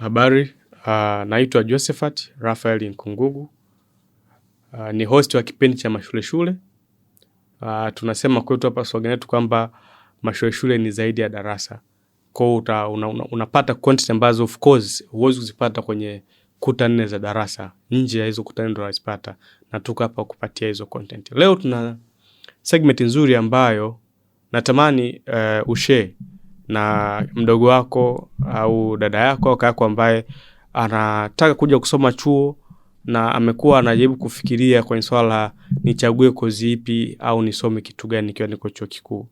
Habari, uh, naitwa Josephat Rafael Nkungugu. Uh, ni host wa kipindi cha Mashule Shule. Uh, tunasema kwetu hapa slogan yetu kwamba Mashule Shule ni zaidi ya darasa. Kwa hiyo una, una, unapata content ambazo of course huwezi kuzipata kwenye kuta nne za darasa. Nje ya hizo kuta nne ndo unazipata, na tuko hapa kupatia hizo content. Leo tuna segment nzuri ambayo natamani uh, ushare na mdogo wako au dada yako au kaka ambaye anataka kuja kusoma chuo na amekuwa anajaribu kufikiria kwenye swala nichague kozi ipi au nisome kitu gani nikiwa niko chuo kikuu.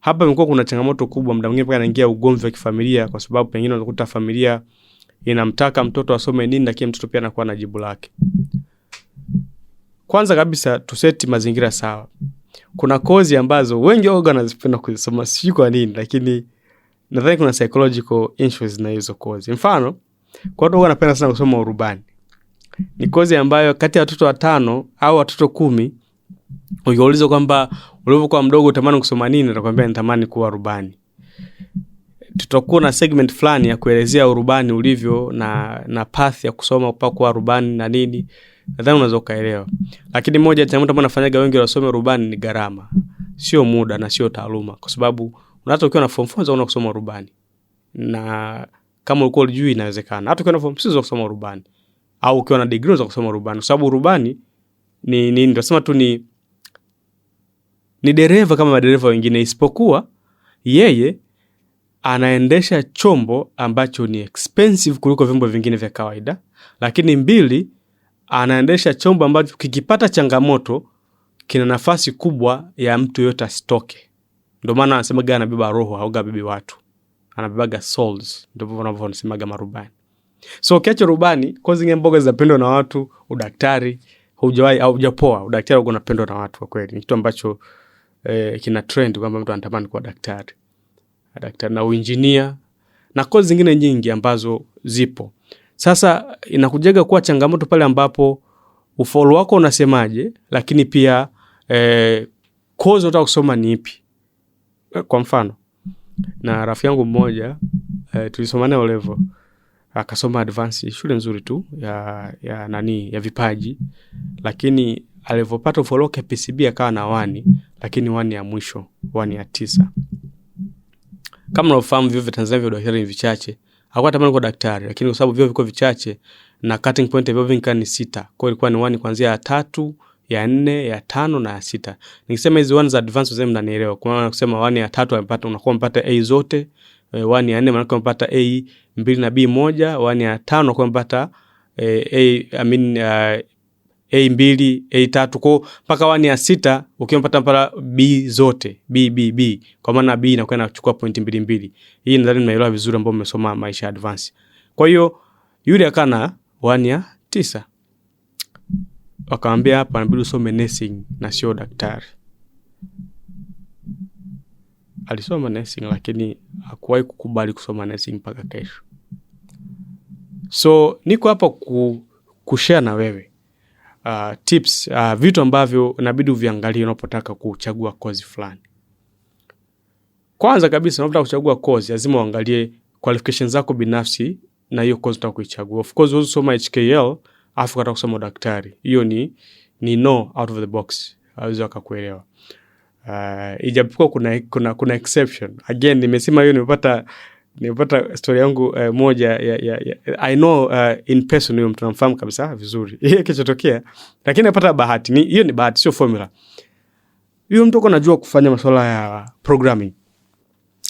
Hapa imekuwa kuna changamoto kubwa, muda mwingine mpaka anaingia ugomvi wa kifamilia, kwa sababu pengine unakuta familia inamtaka mtoto asome nini, lakini mtoto pia anakuwa na jibu lake. Kwanza kabisa tuseti mazingira sawa. Kuna kozi ambazo wengi waga wanazipenda kuzisoma, sijui kwa nini, lakini nadhani kuna psychological issues na hizo kozi. Mfano, kwa watu wanapenda sana kusoma urubani, ni kozi ambayo kati ya watoto watano au watoto kumi ukiuliza kwamba ulivyokuwa mdogo utamani kusoma nini, atakwambia nitamani kuwa rubani. Tutakuwa na segment fulani ya kuelezea urubani ulivyo na, na path ya kusoma mpaka kuwa rubani na nini, nadhani unaweza ukaelewa. Lakini moja ya changamoto ambayo nafanyaga wengi wasome rubani ni gharama, sio muda na sio taaluma, kwa sababu Unaweza ukiwa na form 4 unaona kusoma Na kama ulikuwa ulijui inawezekana. Hata ukiwa na form unaweza kusoma Au ukiwa na degree unaweza kusoma Kwa sababu ni ni tu ni ni dereva kama madereva wengine isipokuwa yeye anaendesha chombo ambacho ni expensive kuliko vyombo vingine vya kawaida. Lakini mbili, anaendesha chombo ambacho kikipata changamoto kina nafasi kubwa ya mtu yoyote asitoke. Ndio maana anasemaga anabeba roho, auga haugabebi watu, anabebaga souls. Ndio wanavyosemaga marubani. So kiacho rubani, kozi nyingine mboga zinapendwa na watu, udaktari hujawahi au hujapoa, udaktari uko unapendwa na watu kwa kweli. Ni kitu ambacho eh, kina trend kwamba mtu anatamani kuwa daktari. Daktari na uinjinia na kozi zingine nyingi ambazo zipo. Sasa inakujaga kuwa changamoto pale ambapo ufaulu wako unasemaje, lakini pia eh, kozi unataka kusoma ni ipi? Eh, kwa mfano na rafiki yangu mmoja eh, tulisomana olevo akasoma advance shule nzuri tu ya, ya nani ya vipaji lakini alivyopata ufoloke PCB akawa na wani lakini wani ya mwisho wani ya tisa kama unavyofahamu vyuo vya Tanzania vya udaktari ni vichache hakuwa tamani kuwa daktari lakini kwa sababu vyuo viko vichache na cutting point ya vyuo ni sita kwao ilikuwa ni wani kuanzia ya tatu ya nne ya tano na ya sita. Nikisema hizi one za advance wazee mnanielewa. Kuna kusema one ya tatu amepata unakuwa mpata A zote, eh, one ya nne maana mpata A mbili na B moja, one ya tano kwa mpata eh, A I mean uh, A mbili, A tatu kwa mpaka one ya sita ukiwa mpata mpaka B zote, B B B. Kwa maana B inakuwa inachukua pointi mbili mbili. Hii nadhani mnaelewa vizuri ambao mmesoma maisha advance. Kwa hiyo yule akana one ya tisa wakawambia hapa nabidi usome nursing na sio daktari. Alisoma nursing lakini hakuwahi kukubali kusoma nursing mpaka kesho. So niko hapa ku, kushare na wewe uh, tips uh, vitu ambavyo nabidi uviangalie unapotaka kuchagua kozi fulani. Kwanza kabisa, unapotaka kuchagua kozi lazima uangalie qualifications zako binafsi na hiyo kozi unataka kuichagua. Of course, usoma HKL afu kata kusoma udaktari. Hiyo ni, ni no out of the box, awezi wakakuelewa. Uh, ijapokuwa kuna, kuna, kuna exception again, nimesema hiyo nimepata nimepata stori yangu uh, moja ya, ya, ya, I know uh, in person huyo mtu namfahamu kabisa vizuri kichotokea lakini napata bahati ni hiyo, ni bahati, sio formula. Huyo mtu ako najua kufanya masuala ya programming,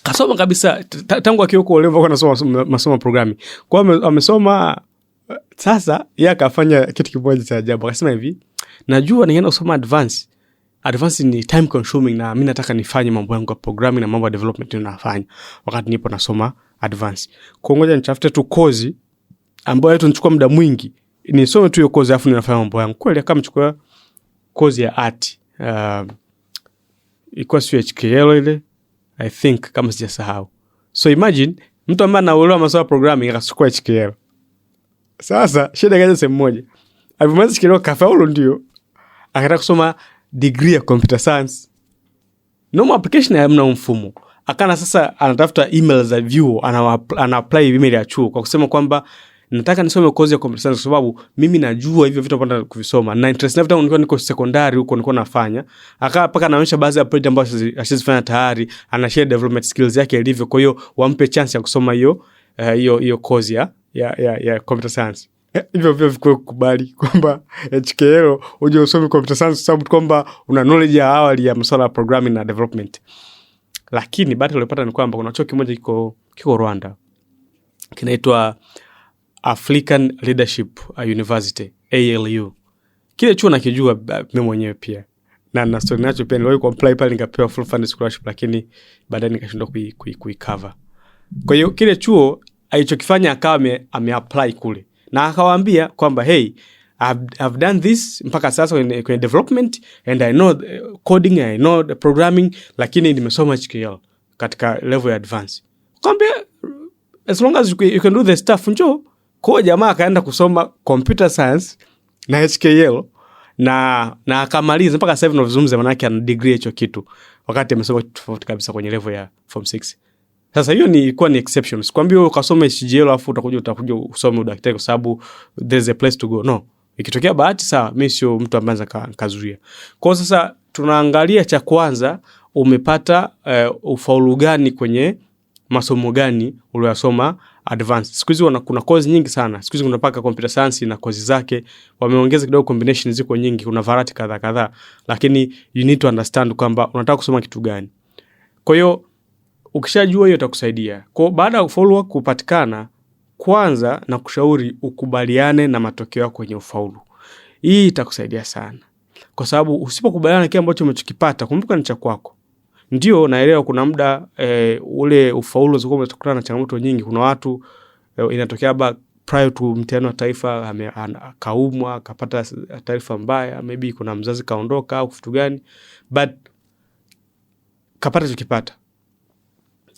kasoma kabisa tangu akiwa kwa level, ako nasoma masomo programming, kwa amesoma sasa ye akafanya kitu kimoja cha ajabu, akasema hivi, najua ningeenda kusoma advance. Advance ni time consuming, na mi nataka nifanye mambo yangu ya programming na mambo ya development nafanya wakati nipo nasoma advance. Kwa ngoja nitafute tu kozi ambayo nichukua muda mwingi, nisome tu hiyo kozi afu ninafanya mambo yangu. Kweli mchukua kozi ya art, uh, ikuwa siu HKL ile I think, kama sijasahau. So imagine mtu ambaye anaelewa masuala ya programming akachukua HKL sasa shida ikaja sehemu moja, alivyomaliza shikileo kafaulu, ndio akataka kusoma digri ya computer science. Noma application hamna mfumo akana sasa anatafuta email za vyuo, ana apply email ya chuo kwa kusema kwamba nataka nisome kozi ya computer science kwa sababu mimi najua hivyo vitu napenda kuvisoma na interest yangu tangu nilikuwa niko sekondari huko nilikuwa nafanya. Akawa mpaka anaonyesha baadhi ya project ambazo ashazifanya tayari, ana share development skills yake ilivyo, kwa hiyo wampe chance ya kusoma hiyo eh, hiyo uh, kozi ya ya, ya, ya computer science eh, hivyo vyo vikuwe kukubali kwamba HKL uje usome computer science sababu kwamba una knowledge ya awali ya masuala ya programming na development. Lakini bahati uliopata ni kwamba kuna chuo kimoja kiko kiko Rwanda kinaitwa African Leadership uh, University ALU. Kile chuo nakijua uh, mimi mwenyewe pia na na story nacho pia niliwahi kuapply pale nikapewa full scholarship, lakini baadaye nikashindwa kui, kui Kwa hiyo kile chuo alichokifanya akawa ameapply kule na akawaambia kwamba hey, I've, I've done this mpaka sasa kwenye, kwenye development and I know eh, coding, I know the programming, lakini nimesoma HTML katika level ya advance. Kwambia as long as you can do the stuff, njo kwa jamaa akaenda kusoma computer science na hkl na na akamaliza mpaka sasa hivi tunazungumza, ana degree hicho kitu, wakati amesoma tofauti kabisa kwenye level ya form 6. Sasa hiyo ni kuwa ni exception. Sikwambia ukasoma SGL alafu utakuja utakuja usome udaktari kwa sababu there's a place to go. No. Ikitokea bahati sawa, mimi sio mtu ambaye anaweza kazuia. Kwa hiyo sasa tunaangalia cha kwanza umepata uh, ufaulu gani kwenye masomo gani uliyosoma advanced. Siku hizi kuna course nyingi sana. Siku hizi kuna paka computer science na course zake. Wameongeza kidogo combination ziko nyingi, kuna variety kadhaa kadhaa. Lakini you need to understand kwamba unataka kusoma kitu gani. Kwa hiyo Ukishajua hiyo itakusaidia. Kwa baada ya ufaulu wako kupatikana, kwanza na kushauri ukubaliane na matokeo yako kwenye ufaulu. Hii itakusaidia sana. Kwa sababu usipokubaliana na kile ambacho umechokipata, kumbuka ni cha kwako. Ndio naelewa kuna muda e, ule ufaulu ulikuwa umetokana na changamoto nyingi. Kuna watu e, inatokea ba prior to mtihani wa taifa akaumwa, akapata taarifa mbaya, maybe kuna mzazi kaondoka au kitu gani, but kapata chokipata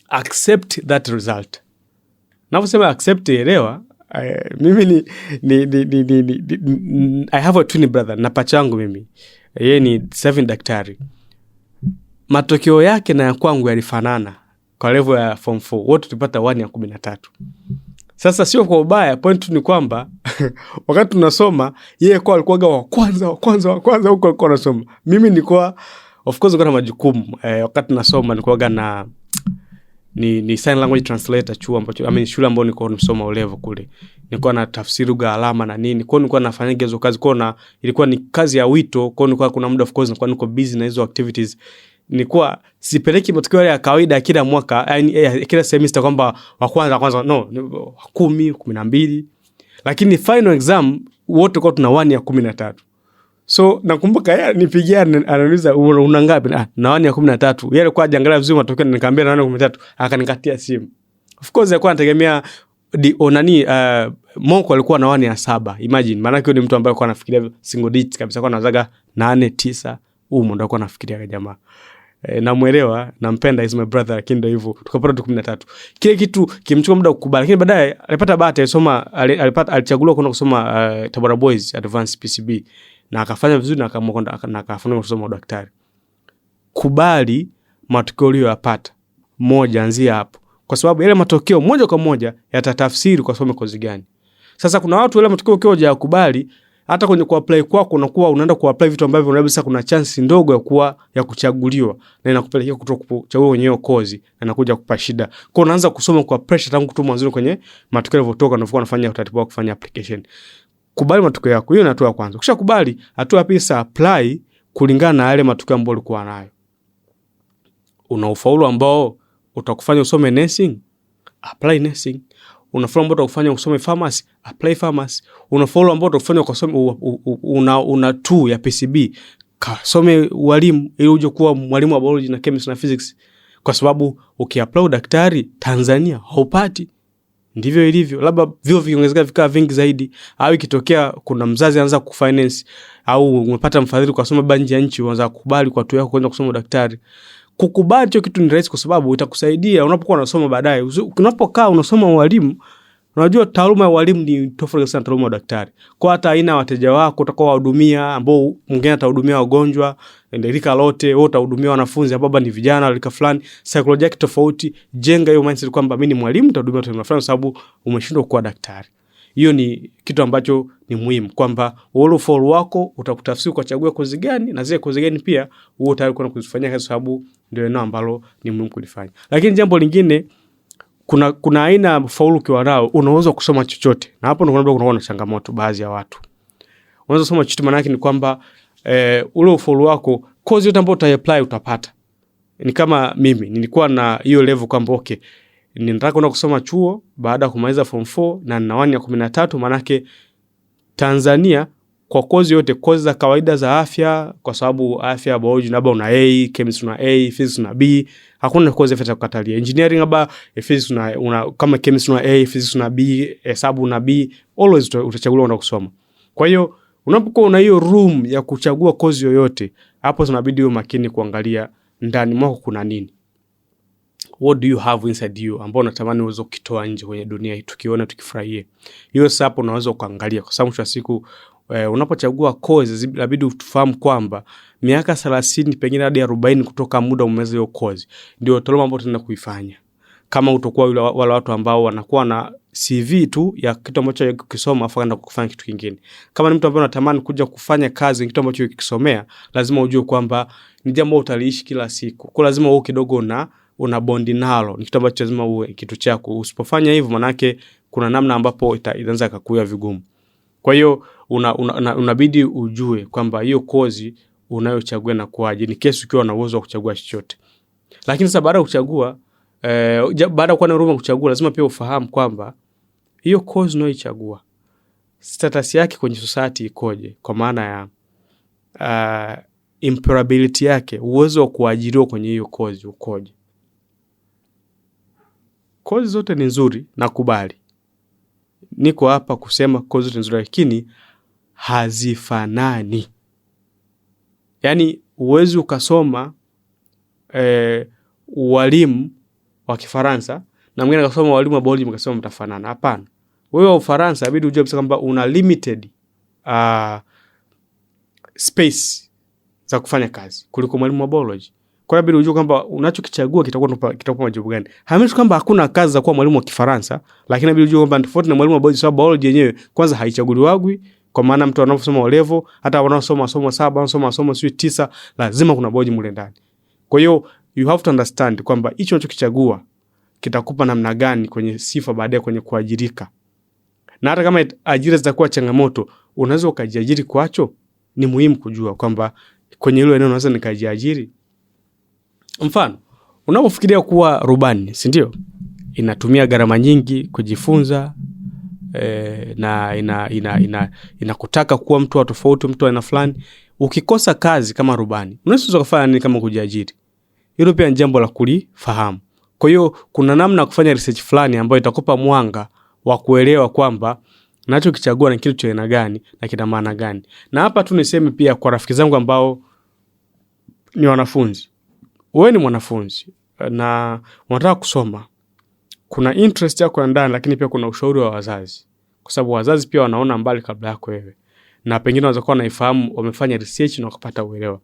accept that result. Navyosema accept, elewa. mimi ni, ni, ni, ni, ni, ni, I have a twin brother na mimi yeye ni seven daktari. Matokeo yake na ya kwangu yalifanana kwa level ya form 4 wote tulipata 1 ya kumi na Sasa sio kwa ubaya, point ni kwamba wakati tunasoma yeye kwa alikuwaga wa kwanza wa kwanza wa kwanza huko alikuwa anasoma, mimi nilikuwa of course nilikuwa na majukumu eh, wakati nasoma nilikuwaga na ni, ni sign language translator chuo ambacho mm. I mean, shule ambayo nilikuwa nimesoma olevo kule, nilikuwa na tafsiri lugha alama na nini, kwao nilikuwa nafanya hizo kazi kwao, na ilikuwa ni kazi ya wito kwao, nilikuwa kuna muda of course nilikuwa niko busy na hizo activities nilikuwa sipeleki matokeo ya kawaida ya kila mwaka yani ya eh, kila semester kwamba wa kwanza wa kwanza, no wa kumi kumi lakini final exam wote kwa tuna 1 ya 13 So nakumbuka yeye nipigia ananiuliza una ngapi? Ah, naoni ya tatu Yeye alikuwa ajiangalia vizuri matokeo nikaambia nawani ya kumi na tatu akanikatia simu. Of course alikuwa anategemea di onani uh, eh, moko alikuwa na wani ya saba. imajini maanake huyo ni mtu ambaye alikuwa anafikiria single digit kabisa, alikuwa anazaga nane tisa huko ndo alikuwa anafikiria jamaa. E, namwelewa nampenda, is my brother, lakini ndo hivo tukapata tu kumi na tatu Kile kitu kimchukua muda kukubali, lakini baadaye alipata bahati, alisoma alipata alichaguliwa kwenda kusoma uh, Tabora Boys advance PCB na akafanya vizuri na akaamua kwenda ya akafanya udaktari. Kubali matokeo uliyoyapata moja, anzia hapo, kwa sababu yale matokeo moja kwa moja yatatafsiri kwa some kozi gani. Sasa kuna watu wale matokeo ukiwa hujayakubali hata kwenye kuapply kwako unakuwa unaenda kuapply vitu ambavyo unaweza sasa, kuna chance ndogo ya kuwa ya kuchaguliwa na inakupelekea kutokuchagua kuchagua wenyewe kozi na inakuja kukupa shida. Kwa unaanza kusoma kwa pressure tangu tu mwanzo kwenye matokeo yalivyotoka na unafanya utaratibu wa kufanya application kubali matokeo yako. Hiyo ni hatua ya kwanza. Ukishakubali, hatua ya pili sa apply kulingana na yale matokeo ambayo ulikuwa nayo. Una ufaulu ambao utakufanya usome nursing, apply nursing. Una ufaulu ambao utakufanya usome pharmacy, apply pharmacy. Una ufaulu ambao utakufanya ukasome, una una 2 ya PCB, kasome walimu ili uje kuwa mwalimu wa biology na chemistry na physics, kwa sababu ukiapply daktari Tanzania haupati ndivyo ilivyo, labda vio vikiongezeka vikawa vingi zaidi, au ikitokea kuna mzazi anaanza kufinance au umepata mfadhili kwa ba nje ya nchi, unaanza kukubali kwa hatua yako kwenda kusoma udaktari. Kukubali hicho kitu ni rahisi, kwa sababu itakusaidia unapokuwa unasoma baadaye. Unapokaa unasoma ualimu Unajua taaluma ya walimu ni tofauti sana taaluma ya daktari. Kwa hata aina ya wateja wako utakuwa wahudumia ambao mwingine atahudumia wagonjwa, rika lote, wewe utahudumia wanafunzi ambao ni vijana wa fulani, saikolojia yake tofauti. Jenga hiyo mindset kwamba mimi ni mwalimu nitahudumia watu fulani sababu umeshindwa kuwa daktari. Hiyo ni kitu ambacho ni muhimu kwamba wewe ufaulu wako utakutafsiri kwa chagua kozi gani na zile kozi gani pia wewe utaweza kuzifanyia kwa sababu ndio eneo ambalo ni muhimu kulifanya. Lakini jambo lingine kuna, kuna aina ya faulu ukiwa nao unaweza kusoma chochote, na hapo ndio kunakuwa na changamoto. Baadhi ya watu unaweza kusoma chochote, maana yake ni kwamba eh, ule ufaulu wako kozi yote ambayo utaiapply utapata. Ni kama mimi nilikuwa na hiyo level kwamba okay, ninataka kwenda kusoma chuo baada ya kumaliza form 4 na nina wani ya kumi na tatu, maanake Tanzania kwa kozi yote, kozi za kawaida za afya, kwa sababu afya ya biology labda una A, chemistry una A, physics una B. Hakuna kozi ya kukatalia. Engineering labda eh, physics una, una kama chemistry una A, physics una B, hesabu eh, una B, always utachagua unataka kusoma. Kwa hiyo unapokuwa una hiyo room ya kuchagua kozi yoyote, hapo tunabidi uwe makini kuangalia ndani mwako kuna nini. What do you have inside you ambao unatamani uweze kukitoa nje kwenye dunia hii, tukiona tukifurahie. Hiyo sasa hapo unaweza ukaangalia, kwa sababu mwisho wa siku eh, unapochagua kozi inabidi ufahamu kwamba miaka thelathini pengine hadi arobaini kutoka muda umemaliza hiyo kozi, ndio taaluma ambayo tunaenda kuifanya, kama utakuwa yule wale watu ambao wanakuwa na CV tu ya kitu ambacho ukisoma afu kwenda kufanya kitu kingine. Kama ni mtu ambaye unatamani kuja kufanya kazi kitu ambacho ukisomea, lazima ujue kwamba ni jambo utaliishi kila siku, kwa lazima uwe kidogo na una bondi nalo, ni kitu ambacho lazima uwe kitu chako. Usipofanya hivyo, manake kuna namna ambapo itaanza kakuya vigumu. Kwa hiyo unabidi una, una, ujue kwamba hiyo kozi unayochagua na kuaje, ni kesi ukiwa na uwezo wa kuchagua chochote. Lakini sasa baada ya kuchagua eh, baada ya kuwa na huruma kuchagua, lazima pia ufahamu kwamba hiyo kozi unayoichagua status yake kwenye society ikoje, kwa maana ya uh, eh, imperability yake, uwezo wa kuajiriwa kwenye hiyo kozi ukoje. Kozi zote ni nzuri, nakubali, niko hapa kusema kozi zote nzuri, lakini hazifanani. Yaani huwezi ukasoma eh, walimu wa Kifaransa na mwingine akasoma walimu wa biology mkasema mtafanana. Hapana, wewe wa Ufaransa inabidi ujue kwamba una limited uh, space za kufanya kazi kuliko mwalimu wa biology kwa hiyo unajua kwamba unachokichagua kitakuwa kitakupa majibu gani. Haimaanishi kwamba hakuna kazi za kuwa mwalimu wa Kifaransa, lakini ujue kwamba tofauti na mwalimu wa biology, sababu biology yenyewe kwanza kwa maana mtu anaposoma olevo, hata wanaosoma saba, wanaosoma sio tisa, lazima kuna biology mule ndani. Kwa hiyo you have to understand kwamba hicho unachokichagua kitakupa namna gani kwenye sifa baadaye kwenye kuajirika. Na hata kama ajira zitakuwa changamoto, unaweza ukajiajiri kwacho. Ni muhimu kujua kwamba kwenye hilo eneo unaweza nikajiajiri Mfano, unapofikiria kuwa rubani, si ndio? Inatumia gharama nyingi kujifunza eh, na ina, ina, ina, inakutaka kuwa mtu wa tofauti, mtu aina fulani. Ukikosa kazi kama rubani, unaweza kufanya nini kama kujiajiri? Hilo pia ni jambo la kulifahamu. Kwa hiyo kuna namna ya kufanya research fulani ambayo itakupa mwanga wa kuelewa kwamba nachokichagua na kitu cha aina gani na kina maana gani. Na hapa tu niseme pia kwa rafiki zangu ambao ni wanafunzi wewe ni mwanafunzi eh, na unataka kusoma, kuna interest yako ya ndani, lakini pia kuna ushauri wa wazazi, kwa sababu wazazi pia wanaona mbali kabla yako wewe, na pengine wanaweza kuwa wanaifahamu, wamefanya research na wakapata uelewa.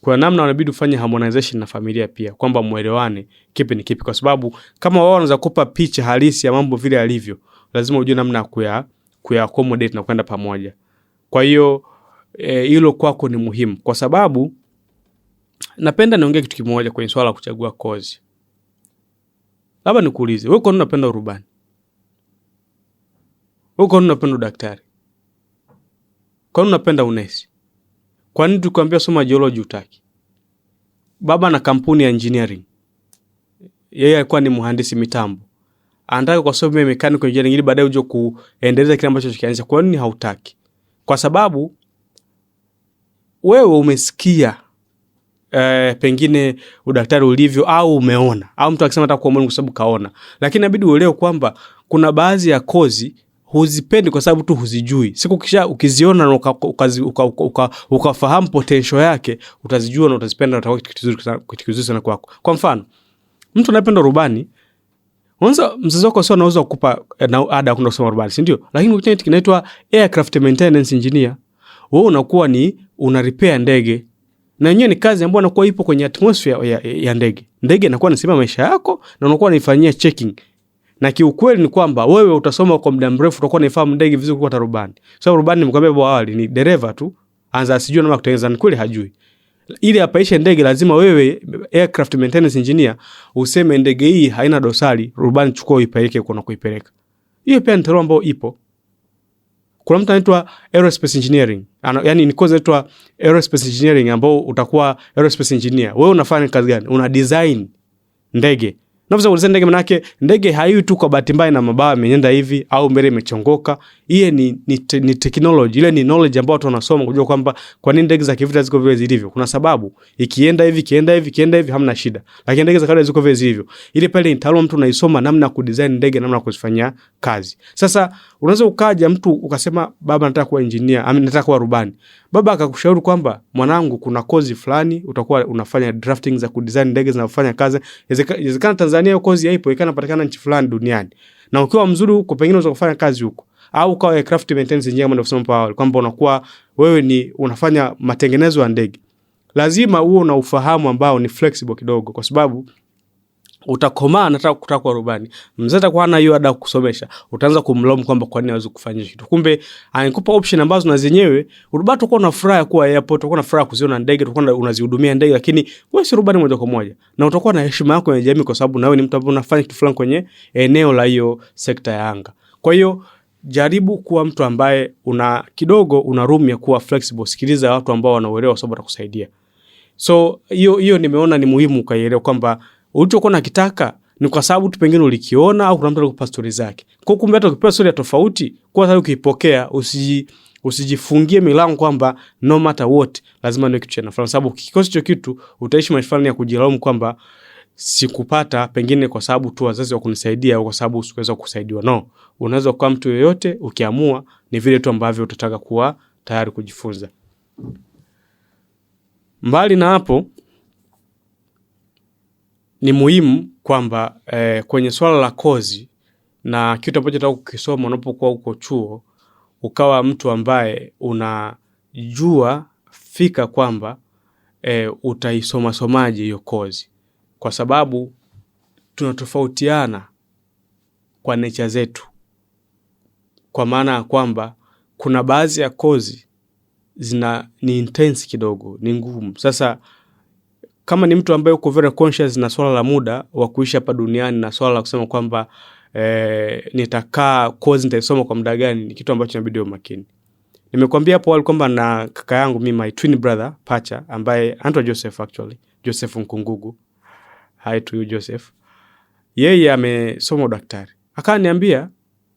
Kuna namna wanabidi ufanye harmonization na familia pia, kwamba mwelewane kipi ni kipi, kwa sababu kama wao wanaweza kupa picha halisi ya mambo vile yalivyo, lazima ujue namna ya kuya kuya accommodate na kwenda pamoja. Kwa hiyo eh, hilo e, kwako ni muhimu kwa sababu napenda niongee kitu kimoja kwenye swala la kuchagua kozi. Labda nikuulize, wewe kwani unapenda urubani? Wewe kwani unapenda udaktari? kwani unapenda unesi? Kwa nini tukwambia soma jioloji utaki? Baba na kampuni ya engineering, yeye alikuwa ni mhandisi mitambo, anataka kwa ukasome mechanical engineering ili baadaye uje kuendeleza kile ambacho kianza. Kwa nini hautaki? Kwa sababu wewe umesikia eh, pengine udaktari ulivyo au umeona au mtu akisema atakuwa mwalimu kwa sababu kaona, lakini inabidi uelewe kwamba kuna baadhi ya kozi huzipendi kwa sababu tu huzijui. Siku kisha ukiziona na ukafahamu uka, uka, uka, uka potential yake utazijua na utazipenda, utakuwa kitu kizuri sana kwako. Kwa mfano mtu anayependa rubani Unaweza mzazi wako sio anaweza kukupa eh, na ada kuna kusoma rubani, si ndio? Lakini kitu kinaitwa aircraft maintenance engineer. Wewe unakuwa ni una repair ndege na yenyewe ni kazi ambayo inakuwa ipo kwenye atmosphere ya, ya ndege. Ndege inakuwa inasimama maisha yako na unakuwa unaifanyia checking, na kiukweli ni kwamba wewe utasoma kwa muda mrefu, utakuwa unaifahamu ndege vizuri kuliko tarubani. kwa sababu rubani nimekwambia hapo awali ni dereva tu, anza asijue namna kutengeneza, ni kweli hajui. Ili apaishe ndege, lazima wewe aircraft maintenance engineer useme ndege hii haina dosari, rubani chukua uipeleke kuna kuipeleka. Hiyo pia ni taaluma ambayo ipo kuna mtu anaitwa aerospace engineering. Ana, yani ni course inaitwa aerospace engineering ambao utakuwa aerospace engineer. Wewe unafanya kazi gani? Una design ndege. Unaweza kudesign ndege manake ndege haiwi tu kwa bahati mbaya na mabawa imenyenda hivi au mbele imechongoka. Ile ni, ni, te, ni technology, ile ni knowledge ambayo watu wanasoma kujua kwamba kwa nini ndege za kivita ziko vile zilivyo. Kuna sababu. Ikienda hivi, kienda hivi, kienda hivi hamna shida. Lakini ndege za kawaida ziko vile zilivyo. Ile pale ni taaluma mtu unaisoma namna ya kudesign ndege, namna ya kuzifanyia kazi. Sasa Unaweza ukaja mtu ukasema, baba, nataka kuwa injinia ama nataka kuwa rubani. Baba akakushauri kwamba, mwanangu, kuna kozi fulani utakuwa unafanya drafting za kudesign ndege zinazofanya kazi. Inawezekana Tanzania hiyo kozi yaipo ikana patikana nchi fulani duniani, na ukiwa mzuri huko, pengine unaweza kufanya kazi huko, au ukawa aircraft maintenance engineer, kama nilivyosema pale kwamba unakuwa wewe ni unafanya matengenezo ya ndege. Lazima huo na ufahamu ambao ni flexible kidogo, kwa sababu utakomaa nataka kutaka rubani. Mzee atakuwa na hiyo ada kukusomesha, utaanza kumlaumu kwamba kwa nini hawezi kufanya kitu. Kumbe anikupa option ambazo na zenyewe rubani, utakuwa na furaha kuwa airport, utakuwa na furaha kuziona ndege, utakuwa unazihudumia ndege, lakini wewe si rubani moja kwa moja, na utakuwa na heshima yako kwenye jamii, kwa sababu nawe ni mtu ambaye unafanya kitu fulani kwenye eneo la hiyo sekta ya anga. Kwa hiyo jaribu kuwa mtu ambaye una kidogo una room ya kuwa flexible. Sikiliza watu ambao wanauelewa, sababu atakusaidia So hiyo hiyo nimeona ni muhimu ukaielewa kwamba ulichokuwa unakitaka ni kwa sababu tu pengine ulikiona au kuna mtu alikupa stori zake. Kwa kumbe hata ukipewa stori ya tofauti, kuwa sababu ukiipokea usiji usijifungie milango kwamba no matter what lazima niwe kitu cha nafasi, sababu ukikosa hicho kitu utaishi maisha fulani ya kujilaumu kwamba sikupata pengine kwa sababu tu wazazi wa kunisaidia au kwa sababu sikuweza kusaidiwa. No, unaweza kuwa mtu yoyote ukiamua, ni vile tu ambavyo utataka kuwa tayari kujifunza. Mbali na hapo ni muhimu kwamba eh, kwenye swala la kozi na kitu ambacho nataka kukisoma unapokuwa huko chuo, ukawa mtu ambaye unajua fika kwamba eh, utaisomasomaje hiyo kozi, kwa sababu tunatofautiana kwa necha zetu, kwa maana ya kwamba kuna baadhi ya kozi zina ni intense kidogo, ni ngumu sasa kama ni mtu ambaye uko very conscious na swala la muda wa kuishi hapa duniani na swala la kusema kwamba eh, nitakaa course nitaisoma kwa muda gani, ni kitu ambacho inabidi uwe makini. Nimekwambia hapo awali kwamba na kaka yangu mimi, my twin brother Pacha, ambaye anaitwa Joseph, actually Joseph Nkungugu. Hi to you Joseph. Yeye amesoma udaktari, akaniambia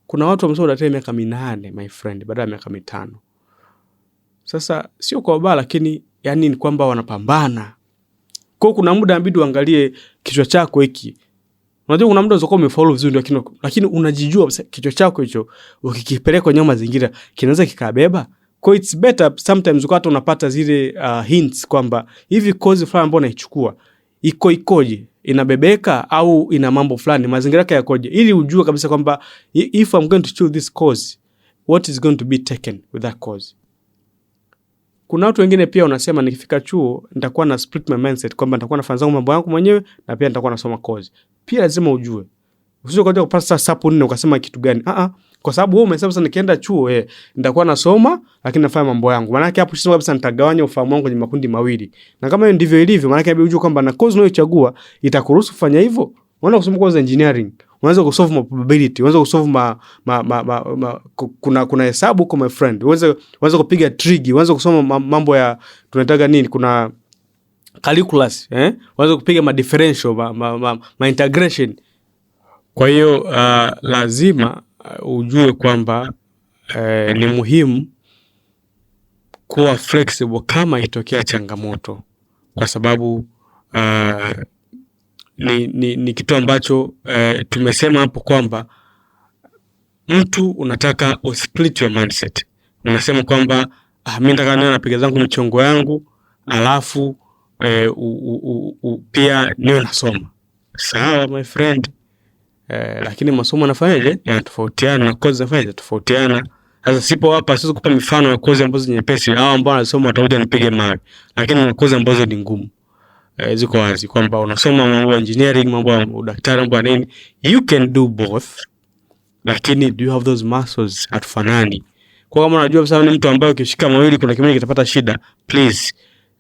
kuna watu wamesoma udaktari miaka minane, my friend, baada ya miaka mitano. Sasa sio kwa ubaya, lakini yani ni kwamba wanapambana kwa kuna muda inabidi uangalie kichwa chako hiki. Unajua kuna muda unazokuwa umefaulu vizuri lakini lakini unajijua kichwa chako hicho ukikipeleka kwenye mazingira kinaweza kikabeba. Kwa it's better sometimes ukata unapata zile uh, hints kwamba hivi kozi fulani ambayo naichukua iko ikoje, inabebeka au ina mambo fulani, mazingira yake yakoje, ili ujue kabisa kwamba if I'm going to choose this cause what is going to be taken with that cause kuna watu wengine pia unasema nikifika chuo nitakuwa na split my mindset kwamba nitakuwa nafanya zangu mambo yangu mwenyewe na pia nitakuwa nasoma kozi. Pia lazima ujue. Usije ukaja kupata sapu nne ukasema kitu gani? Ah ah, kwa sababu wewe umesema sasa nikienda chuo eh, nitakuwa nasoma lakini nafanya mambo yangu. Maana yake hapo sasa kabisa nitagawanya ufahamu wangu kwenye makundi mawili. Na kama hiyo ndivyo ilivyo, maana yake ujue kwamba na kozi unayochagua itakuruhusu kufanya hivyo. Unaona kusoma kozi engineering unaweza kusolve ma probability, unaweza kusolve ma, ma, ma, ma, ma kuna kuna hesabu kwa my friend, unaweza unaweza kupiga trig, unaweza kusoma mambo ya tunataka nini, kuna calculus eh, unaweza kupiga ma differential ma, ma, ma, ma integration. Kwa hiyo uh, lazima uh, ujue kwamba uh, ni muhimu kuwa flexible kama itokea changamoto, kwa sababu uh, ni, ni, ni kitu ambacho eh, tumesema hapo kwamba mtu unataka split your mindset. Unasema kwamba ah, mimi nataka niwe napiga zangu michongo yangu alafu eh, u, u, u, pia niwe nasoma. Sawa my friend eh, lakini masomo yanafanyaje? Yanatofautiana na kozi zinafanyaje? zinatofautiana. Sasa sipo hapa siwezi kupa mifano ya kozi ambazo nyepesi, hao ambao wanasoma watakuja nipige mawe, lakini na kozi ambazo ni ngumu uh, ziko wazi kwamba unasoma mambo ya engineering, mambo ya udaktari, mambo ya nini, you can do both, lakini do you have those muscles? Hatufanani kwa kama unajua sasa ni mtu ambaye ukishika mawili kuna kimoja kitapata shida, please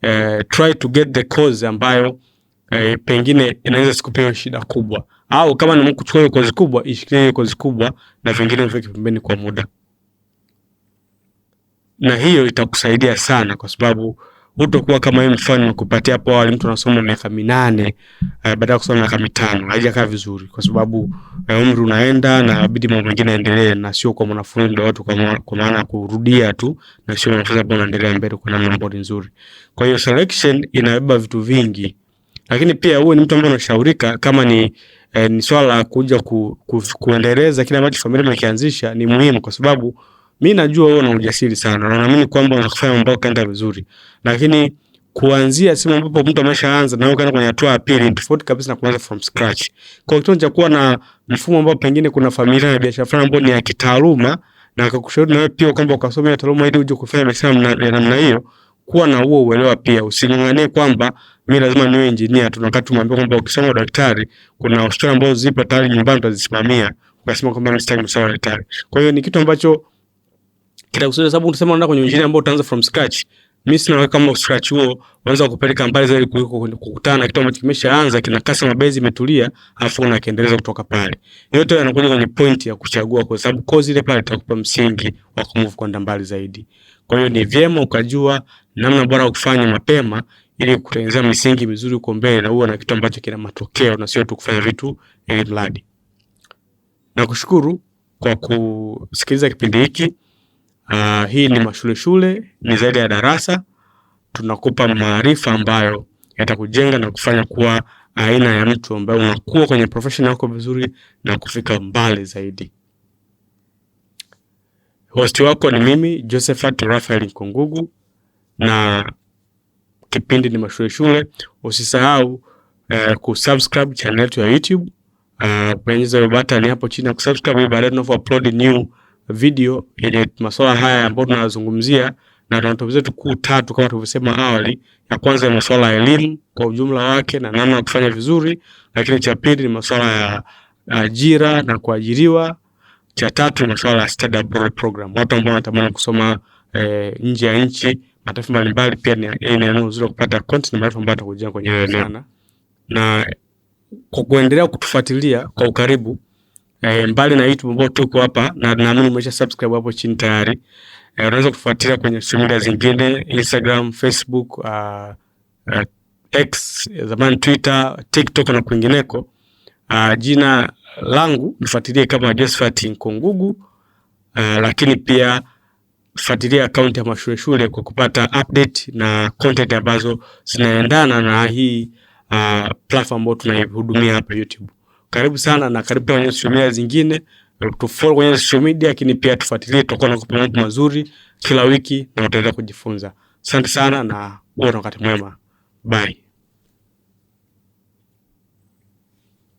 uh, try to get the cause ambayo uh, pengine inaweza sikupewa shida kubwa, au kama ni kuchukua hiyo kozi kubwa ishikilie hiyo kozi kubwa na vingine viweke pembeni kwa muda, na hiyo itakusaidia sana kwa sababu hutokuwa kama hii mfano wa kupatia hapo awali, mtu anasoma miaka minane uh, baada ya kusoma miaka mitano, haijakaa vizuri kwa sababu uh, umri unaenda na inabidi mambo mengine yaendelee, na sio kwa mwanafunzi ndio watu, kwa maana kurudia tu, na sio mwanafunzi ambaye anaendelea mbele kwa namna ambayo nzuri. Kwa hiyo selection inabeba vitu vingi, lakini pia uwe ni mtu ambaye unashaurika kama ni eh, ni swala la kuja ku, ku, kuendeleza kile ambacho familia imekianzisha ni muhimu kwa sababu mi najua wewe una ujasiri sana na naamini kwamba unafanya mambo kaenda vizuri, lakini kuanzia simu ambapo mtu ameshaanza na ukaenda kwenye hatua ya pili tofauti kabisa na kuanza from scratch. Kwa hiyo kitendo cha kuwa na mfumo ambao pengine kuna familia na biashara fulani ambayo ni ya kitaaluma na akakushauri na wewe pia kwamba ukasomea taaluma ili uje kufanya biashara ya namna hiyo, kuwa na huo uelewa pia. Usinyang'anie kwamba mi lazima niwe engineer tu, wakati tumwambia kwamba ukisoma daktari kuna hospitali ambazo zipo tayari nyumbani utazisimamia, ukasema kwamba mimi sitaki kusawa daktari. Kwa hiyo ni kitu ambacho kitakusaidia sababu unasema unaenda kwenye injini ambayo utaanza from scratch. mi sinaona kama scratch huo unaweza kupeleka mbali zaidi kuliko kukutana na kitu ambacho kimeshaanza kina imetulia, kutoka pale. Yote yanakuja kwenye point ya kuchagua, kwa sababu ile pale itakupa msingi wa kumove kwenda mbali zaidi. Kwa hiyo ni vyema ukajua namna bora ya kufanya mapema ili kutengeneza misingi mizuri huko mbele na uwe na kitu ambacho kina matokeo na sio tu kufanya vitu ili mradi. Nakushukuru kwa kusikiliza kipindi hiki. Uh, hii ni eh, mashule shule ni eh. zaidi ya darasa, tunakupa maarifa ambayo yatakujenga na kufanya kuwa aina ya mtu ambaye unakuwa kwenye profession yako vizuri na kufika mbali zaidi. Host wako ni mimi Josephat Raphael Nkungugu na kipindi ni mashule shule. Usisahau uh, kusubscribe channel yetu ya YouTube, uh, bonyeza button hapo chini ya kusubscribe, baadaye tunapo upload new video yenye masuala haya ambayo tunayazungumzia na tunatoa zetu kuu tatu kama tulivyosema awali. Ya kwanza ni masuala ya elimu kwa ujumla wake na namna ya kufanya vizuri, lakini cha pili ni masuala ya ajira na kuajiriwa, cha tatu ni masuala ya study abroad program, watu ambao wanatamani kusoma e, nje ya nchi mataifa mbalimbali. Pia ni eneo nzuri kupata content na maarifa ambayo atakujia kwenye sana, na kwa kuendelea kutufuatilia kwa ukaribu E, mbali na YouTube ambao tuko hapa na naamini umesha subscribe hapo chini tayari. E, unaweza kufuatilia kwenye social media zingine Instagram, Facebook, uh, uh, X zamani Twitter, TikTok na kwingineko. Uh, jina langu nifuatilie kama Josephat Nkongugu. Uh, lakini pia fuatilia akaunti ya Mashule Shule kwa kupata update na content ambazo zinaendana na hii uh, platform ambayo tunaihudumia hapa YouTube. Karibu sana na karibu pia kwenye media zingine, tufollow kwenye social media, lakini pia tufuatilie, tutakuwa na mambo mazuri kila wiki na utaendelea kujifunza. Asante sana na uwe na wakati mwema, bye.